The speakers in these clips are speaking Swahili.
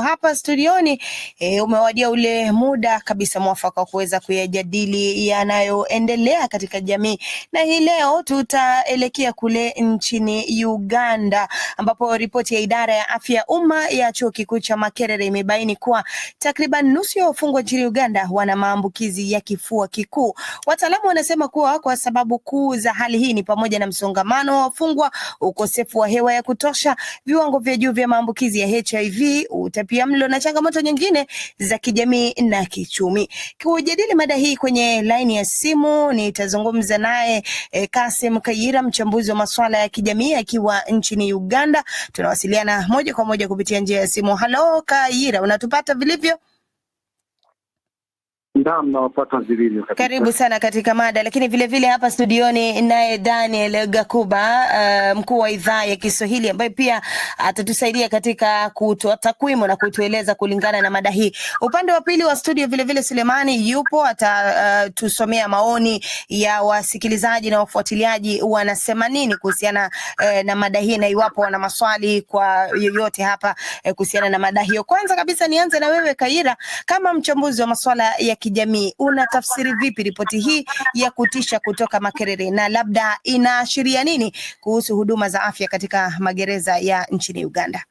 Hapa studioni e, umewadia ule muda kabisa mwafaka wa kuweza kuyajadili yanayoendelea katika jamii, na hii leo tutaelekea kule nchini Uganda ambapo ripoti ya idara ya afya ya umma ya chuo kikuu cha Makerere imebaini kuwa takriban nusu ya wafungwa nchini Uganda wana maambukizi ya kifua kikuu. Wataalamu wanasema kuwa kwa sababu kuu za hali hii ni pamoja na msongamano wa wafungwa, ukosefu wa hewa ya kutosha, viwango vya juu vya maambukizi ya HIV, mlo na changamoto nyingine za kijamii na kichumi Kujadili mada hii kwenye laini ya simu nitazungumza naye e, Kasim Kayira, mchambuzi wa masuala ya kijamii akiwa nchini Uganda. Tunawasiliana moja kwa moja kupitia njia ya simu. Halo Kayira, unatupata vilivyo? Naam, nawapata vilivyo. Karibu sana katika mada, lakini vile vile hapa studioni naye Daniel Gakuba, uh, mkuu wa idhaa ya Kiswahili ambaye pia atatusaidia katika kutoa takwimu na kutueleza kulingana na mada hii. Upande wa pili wa studio vile vile Sulemani yupo, atatusomea eh, uh, maoni ya wasikilizaji na wafuatiliaji wanasema nini kuhusiana uh, na mada hii na iwapo wana maswali kwa yoyote hapa uh, kuhusiana na mada hiyo. Kwanza kabisa nianze na wewe Kaira kama mchambuzi wa masuala ya kijamii. Unatafsiri vipi ripoti hii ya kutisha kutoka Makerere na labda inaashiria nini kuhusu huduma za afya katika magereza ya nchini Uganda?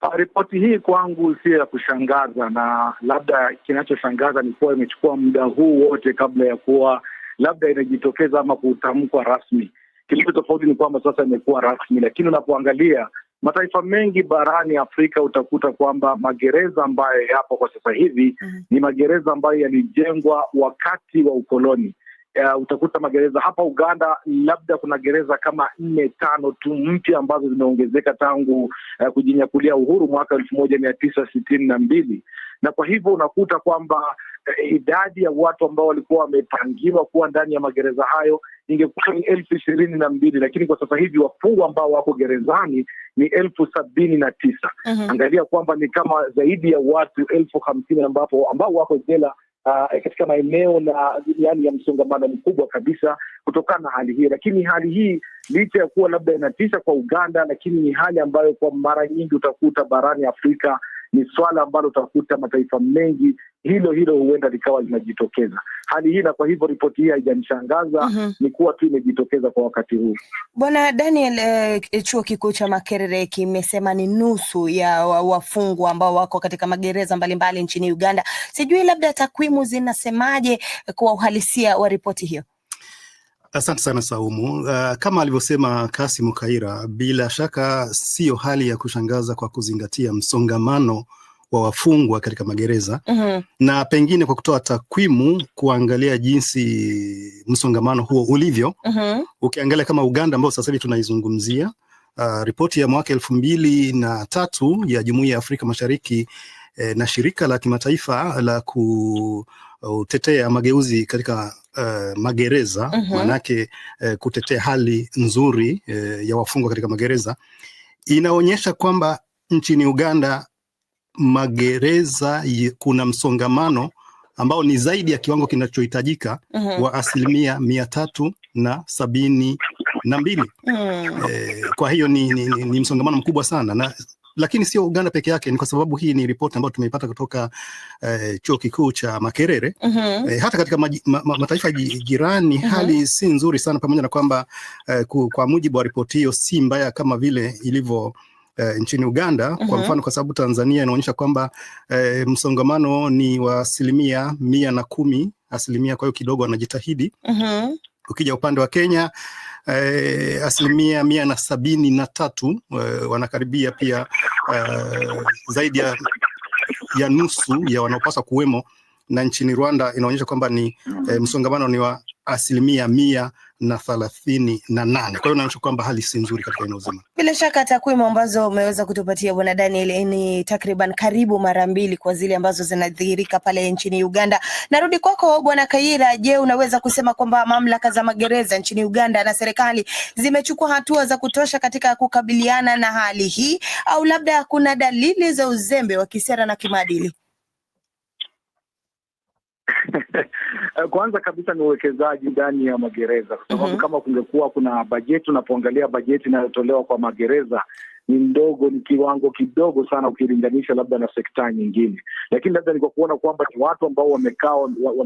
Ah, ripoti hii kwangu sio ya kushangaza, na labda kinachoshangaza ni kuwa imechukua muda huu wote kabla ya kuwa labda inajitokeza ama kutamkwa rasmi. Kilicho tofauti ni kwamba sasa imekuwa rasmi, lakini unapoangalia Mataifa mengi barani Afrika utakuta kwamba magereza ambayo yapo kwa sasa hivi mm -hmm. ni magereza ambayo yalijengwa wakati wa ukoloni uh, utakuta magereza hapa Uganda labda kuna gereza kama nne tano tu mpya ambazo zimeongezeka tangu uh, kujinyakulia uhuru mwaka elfu moja mia tisa sitini na mbili na kwa hivyo unakuta kwamba uh, idadi ya watu ambao walikuwa wamepangiwa kuwa ndani ya magereza hayo ingekuwa ni elfu ishirini na mbili lakini kwa sasa hivi wafungwa ambao wako gerezani ni elfu sabini na tisa. Mhm. Angalia kwamba ni kama zaidi ya watu elfu hamsini ambapo ambao wako jela uh, katika maeneo na yani ya msongamano mkubwa kabisa kutokana na hali hii. Lakini hali hii licha ya kuwa labda inatisha kwa Uganda, lakini ni hali ambayo kwa mara nyingi utakuta barani Afrika ni swala ambalo utakuta mataifa mengi hilo hilo huenda likawa linajitokeza hali hii, na kwa hivyo ripoti hii haijanishangaza mm -hmm. Ni kuwa tu imejitokeza kwa wakati huu. Bwana Daniel, eh, chuo kikuu cha Makerere kimesema ni nusu ya wafungwa ambao wako katika magereza mbalimbali mbali nchini Uganda. Sijui labda takwimu zinasemaje eh, kwa uhalisia wa ripoti hiyo? Asante sana Saumu. Uh, kama alivyosema kasimu Kaira, bila shaka siyo hali ya kushangaza kwa kuzingatia msongamano wa wafungwa katika magereza mm -hmm. na pengine kwa kutoa takwimu kuangalia jinsi msongamano huo ulivyo mm -hmm. ukiangalia kama Uganda ambao sasa hivi tunaizungumzia uh, ripoti ya mwaka elfu mbili na tatu ya Jumuiya ya Afrika Mashariki eh, na shirika la kimataifa la kutetea mageuzi katika Uh, magereza uh mm-hmm. -huh. Manake uh, eh, kutetea hali nzuri uh, ya wafungwa katika magereza inaonyesha kwamba nchini Uganda magereza kuna msongamano ambao ni zaidi ya kiwango kinachohitajika mm -hmm. wa asilimia mia tatu na sabini na mbili mm -hmm. E, kwa hiyo ni, ni, ni, ni msongamano mkubwa sana na lakini sio Uganda peke yake. Ni kwa sababu hii ni ripoti ambayo tumeipata kutoka eh, chuo kikuu cha Makerere. mm -hmm. Eh, hata katika maji, ma, ma, mataifa jirani mm -hmm. hali si nzuri sana, pamoja na kwamba eh, kwa mujibu wa ripoti hiyo si mbaya kama vile ilivyo eh, nchini Uganda mm -hmm. Kwa mhm. mfano kwa sababu Tanzania inaonyesha kwamba eh, msongamano ni wa asilimia mia na kumi asilimia, kwa hiyo kidogo wanajitahidi mm -hmm. Ukija upande wa Kenya eh, asilimia mia na sabini na tatu eh, wanakaribia pia eh, zaidi ya, ya nusu ya wanaopaswa kuwemo na nchini Rwanda inaonyesha kwamba ni e, msongamano ni wa asilimia mia na thelathini na nane. Kwa hiyo inaonyesha kwamba hali si nzuri katika eneo zima. Bila shaka takwimu ambazo umeweza kutupatia bwana Daniel eh, ni takriban karibu mara mbili kwa zile ambazo zinadhihirika pale nchini Uganda. Narudi kwako bwana Kaira. Je, unaweza kusema kwamba mamlaka za magereza nchini Uganda na serikali zimechukua hatua za kutosha katika kukabiliana na hali hii, au labda kuna dalili za uzembe wa kisera na kimaadili? Kwanza kabisa ni uwekezaji ndani ya magereza, kwa sababu mm -hmm. kama kungekuwa kuna bajeti, unapoangalia bajeti inayotolewa kwa magereza ni ndogo, ni kiwango kidogo sana ukilinganisha labda na sekta nyingine, lakini labda ni kwa kuona kwamba ni watu ambao wamekaa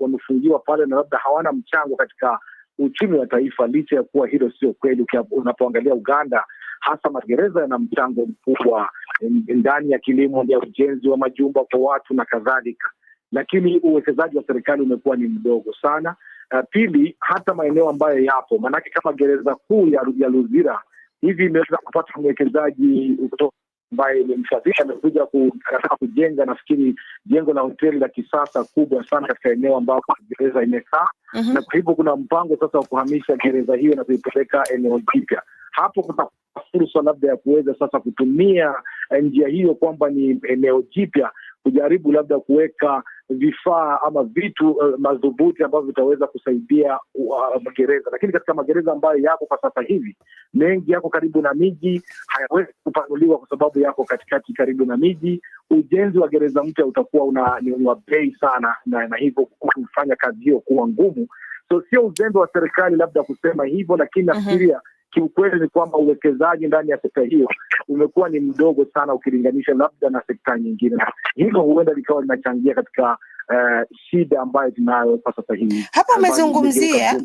wamefungiwa pale na labda hawana mchango katika uchumi wa taifa, licha ya kuwa hilo sio kweli. Unapoangalia Uganda hasa magereza yana mchango mkubwa mm, ndani ya kilimo, ya ujenzi wa majumba kwa watu na kadhalika lakini uwekezaji wa serikali umekuwa ni mdogo sana. Uh, pili, hata maeneo ambayo yapo maanake, kama gereza kuu ya Luzira hivi imeweza kupata mwekezaji kutoka ambaye msafiri amekuja anataka kujenga nafikiri jengo la hoteli la kisasa kubwa sana katika eneo ambapo gereza imekaa mm -hmm. Na kwa hivyo kuna mpango sasa wa kuhamisha gereza hiyo na kuipeleka eneo jipya. Hapo kuna fursa labda ya kuweza sasa kutumia eh, njia hiyo kwamba ni eneo jipya kujaribu labda kuweka vifaa ama vitu uh, madhubuti ambavyo vitaweza kusaidia uh, magereza. Lakini katika magereza ambayo yako kwa sasa hivi, mengi yako karibu na miji, hayawezi kupanuliwa kwa sababu yako katikati, karibu na miji. Ujenzi wa gereza mpya utakuwa una ni wa bei sana, na, na hivyo kufanya kazi hiyo kuwa ngumu. So sio uzembe wa serikali labda kusema hivyo, lakini mhm. nafikiria uh -huh. Kiukweli ni kwamba uwekezaji ndani ya sekta hiyo umekuwa ni mdogo sana ukilinganisha labda na sekta nyingine, hivyo huenda likawa linachangia katika uh, ambayo tunayo kwa sasa hivi. Hapa amezungumzia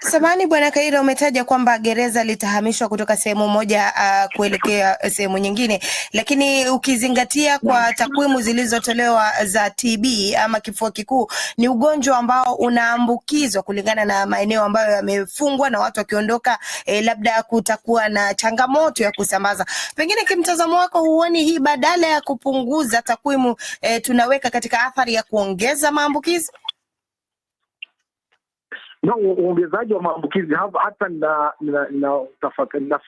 samani, Bwana Kaira, umetaja kwamba gereza litahamishwa kutoka sehemu moja uh, kuelekea eh, sehemu nyingine, lakini ukizingatia kwa takwimu zilizotolewa za TB ama kifua kikuu, ni ugonjwa ambao unaambukizwa kulingana na maeneo ambayo yamefungwa, na watu wakiondoka, eh, labda kutakuwa na changamoto ya kusambaza. Pengine kimtazamo wako, huoni hii badala ya kupunguza takwimu, eh, tunaweka katika athari ya kuongeza kuongeza maambukizi? No, uongezaji wa maambukizi hata na, na, na,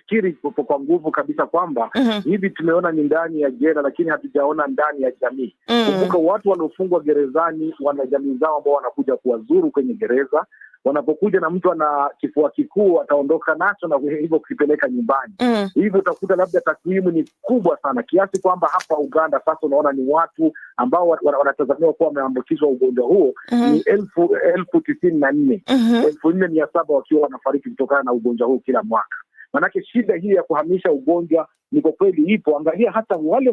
kwa nguvu kabisa kwamba mm -hmm. hivi tumeona ni ndani ya jela, lakini hatujaona ndani ya jamii mm -hmm. Kumbuka watu wanaofungwa gerezani wana jamii zao ambao wanakuja kuwazuru kwenye gereza wanapokuja na mtu ana kifua kikuu ataondoka nacho na hivyo kukipeleka nyumbani mm. Hivyo utakuta labda takwimu ni kubwa sana kiasi kwamba hapa Uganda sasa unaona ni watu ambao wanatazamiwa kuwa wameambukizwa ugonjwa huo mm. ni elfu elfu tisini na nne mm -hmm. elfu nne mia saba wakiwa wanafariki kutokana na ugonjwa huo kila mwaka. Maanake shida hii ya kuhamisha ugonjwa ni kwa kweli ipo. Angalia hata wale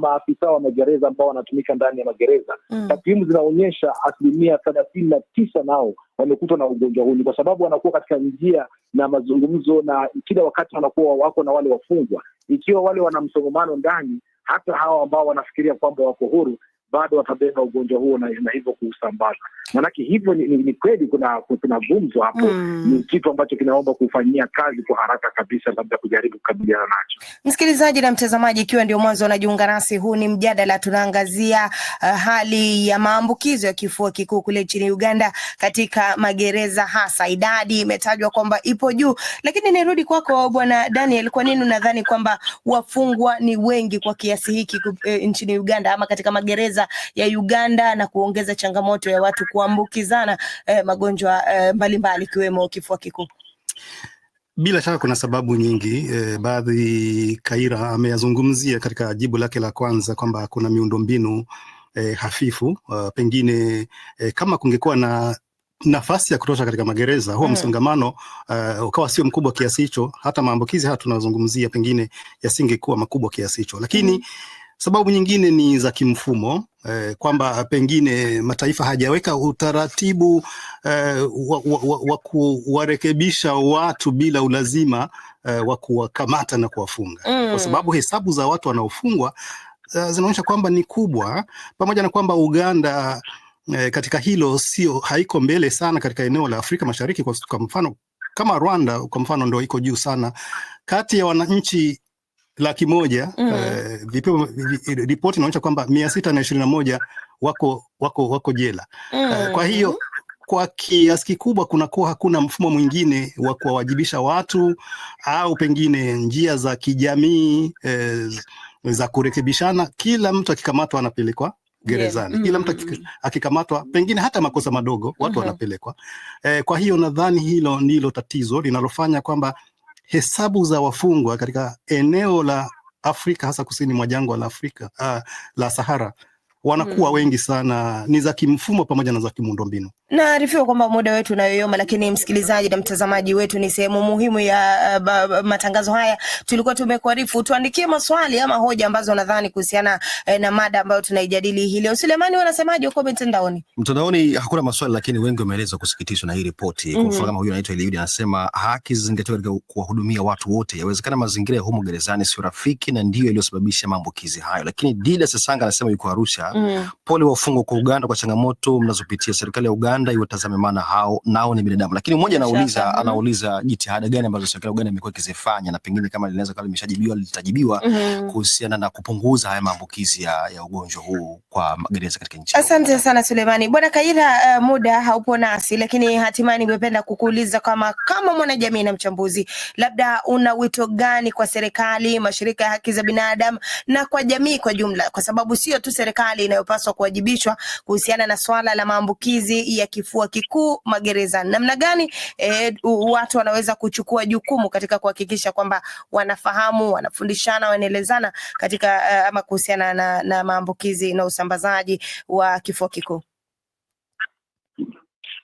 maafisa wa magereza ambao wanatumika ndani ya magereza mm. Takwimu zinaonyesha asilimia thelathini na tisa nao wamekutwa na ugonjwa huu, ni kwa sababu wanakuwa katika njia na mazungumzo, na kila wakati wanakuwa wako na wale wafungwa. Ikiwa wale wana msongamano ndani, hata hawa ambao wanafikiria kwamba wako huru bado watabeba ugonjwa huo na, na hivyo kuusambaza. Maanake hivyo ni, ni, ni kweli kuna kuna gumzo hapo mm. Ni kitu ambacho kinaomba kufanyia kazi kwa haraka kabisa, labda kujaribu kukabiliana nacho. Msikilizaji na mtazamaji, ikiwa ndio mwanzo unajiunga nasi, huu ni mjadala, tunaangazia uh, hali ya maambukizo ya kifua kikuu kule nchini Uganda katika magereza, hasa idadi imetajwa kwamba ipo juu, lakini nirudi kwako kwa Bwana Daniel, kwa nini unadhani kwamba wafungwa ni wengi kwa kiasi hiki uh, nchini Uganda ama katika magereza kwanza ya Uganda na kuongeza changamoto ya watu kuambukizana eh, magonjwa eh, mbalimbali ikiwemo kifua kikuu? Bila shaka kuna sababu nyingi eh, baadhi Kaira ameyazungumzia katika jibu lake la kwanza kwamba kuna miundombinu eh, hafifu uh, pengine eh, kama kungekuwa na nafasi ya kutosha katika magereza huo mm. msongamano uh, ukawa sio mkubwa kiasi hicho, hata maambukizi haya tunazungumzia pengine yasingekuwa makubwa kiasi hicho, lakini mm. Sababu nyingine ni za kimfumo eh, kwamba pengine mataifa hajaweka utaratibu eh, wa, wa, wa, wa kuwarekebisha watu bila ulazima eh, wa kuwakamata na kuwafunga mm. Kwa sababu hesabu za watu wanaofungwa eh, zinaonyesha kwamba ni kubwa, pamoja na kwamba Uganda eh, katika hilo sio haiko mbele sana katika eneo la Afrika Mashariki kwa, kwa mfano kama Rwanda kwa mfano ndo iko juu sana kati ya wananchi laki moja mm. eh, vipimo eh, eh, ripoti inaonyesha kwamba mia sita na ishirini na moja wako wako wako jela eh, mm. Kwa hiyo kwa kiasi kikubwa kunakuwa hakuna mfumo mwingine wa kuwawajibisha watu au pengine njia za kijamii eh, za kurekebishana. Kila mtu akikamatwa anapelekwa gerezani yeah. Kila mtu mm-hmm. akikamatwa pengine hata makosa madogo watu mm-hmm. wanapelekwa eh. Kwa hiyo nadhani hilo ndilo tatizo linalofanya kwamba hesabu za wafungwa katika eneo la Afrika hasa kusini mwa jangwa la Afrika uh, la Sahara wanakuwa mm. wengi sana, ni za kimfumo pamoja na za kimuundombinu. Naarifiwa kwamba muda wetu unayoyoma, lakini msikilizaji na mtazamaji wetu ni sehemu muhimu ya uh, matangazo haya. Tulikuwa tumekuarifu tuandikie maswali ama hoja ambazo nadhani kuhusiana eh, na mada ambayo tunaijadili hii leo. Sulemani, wanasemaje huko mitandaoni Mtandaoni hakuna maswali, lakini wengi wameeleza kusikitishwa na hii ripoti. Kwa mfano mhm. kama huyu anaitwa Eliudi anasema haki zingatiwe katika kuwahudumia watu wote, yawezekana mazingira ya humo gerezani sio rafiki na ndiyo iliyosababisha maambukizi hayo. Lakini Dida Sasanga anasema yuko Arusha Mm. Pole wafungwa kwa Uganda kwa changamoto mnazopitia, serikali ya Uganda iwatazame, maana hao nao ni binadamu. Lakini mmoja anauliza anauliza jitihada gani ambazo serikali ya Uganda imekuwa ikizifanya, na pengine kama linaweza kama limeshajibiwa litajibiwa, mm. kuhusiana na kupunguza haya maambukizi ya, ya ugonjwa huu kwa magereza katika nchi. Asante sana Sulemani. Bwana kaira uh, muda haupo nasi, lakini hatimaye ningependa kukuuliza kama kama mwanajamii na mchambuzi, labda una wito gani kwa serikali, mashirika ya haki za binadamu na kwa jamii kwa jumla, kwa sababu sio tu serikali serikali inayopaswa kuwajibishwa kuhusiana na swala la maambukizi ya kifua kikuu magerezani. Namna gani e, watu wanaweza kuchukua jukumu katika kuhakikisha kwamba wanafahamu, wanafundishana, wanaelezana katika eh, ama kuhusiana na, na maambukizi na usambazaji wa kifua kikuu.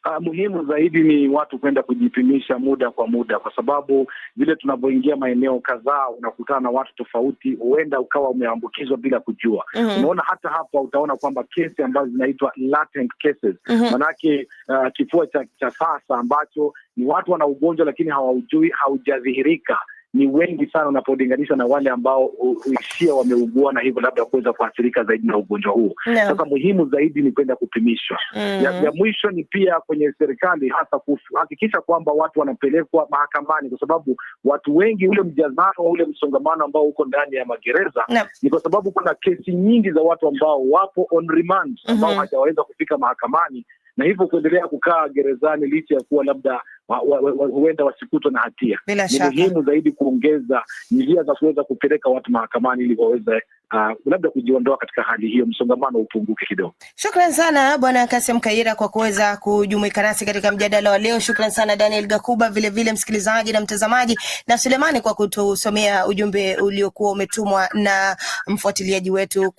Uh, muhimu zaidi ni watu kwenda kujipimisha muda kwa muda, kwa sababu vile tunavyoingia maeneo kadhaa unakutana na watu tofauti, huenda ukawa umeambukizwa bila kujua. mm -hmm. Unaona, hata hapa utaona kwamba kesi ambazo zinaitwa latent cases mm -hmm. Manake uh, kifua cha, cha sasa ambacho ni watu wana ugonjwa lakini hawaujui, haujadhihirika ni wengi sana unapolinganisha na wale ambao huishia wameugua na hivyo labda kuweza kuathirika zaidi na ugonjwa huo no. Sasa muhimu zaidi ni kwenda kupimishwa mm. Ya, ya mwisho ni pia kwenye serikali hasa kuhakikisha kwamba watu wanapelekwa mahakamani, kwa sababu watu wengi, ule mjazano ule msongamano ambao uko ndani ya magereza no. Ni kwa sababu kuna kesi nyingi za watu ambao wapo on remand ambao mm -hmm. hawajaweza kufika mahakamani na hivyo kuendelea kukaa gerezani licha ya kuwa labda wa, wa, wa, huenda wasikutwe na hatia. Ni muhimu zaidi kuongeza njia za kuweza kupeleka watu mahakamani ili waweze uh, labda kujiondoa katika hali hiyo, msongamano upunguke kidogo. Shukran sana Bwana kasim Kaira kwa kuweza kujumuika nasi katika mjadala wa leo. Shukran sana Daniel Gakuba, vilevile msikilizaji na mtazamaji, na Sulemani kwa kutusomea ujumbe uliokuwa umetumwa na mfuatiliaji wetu.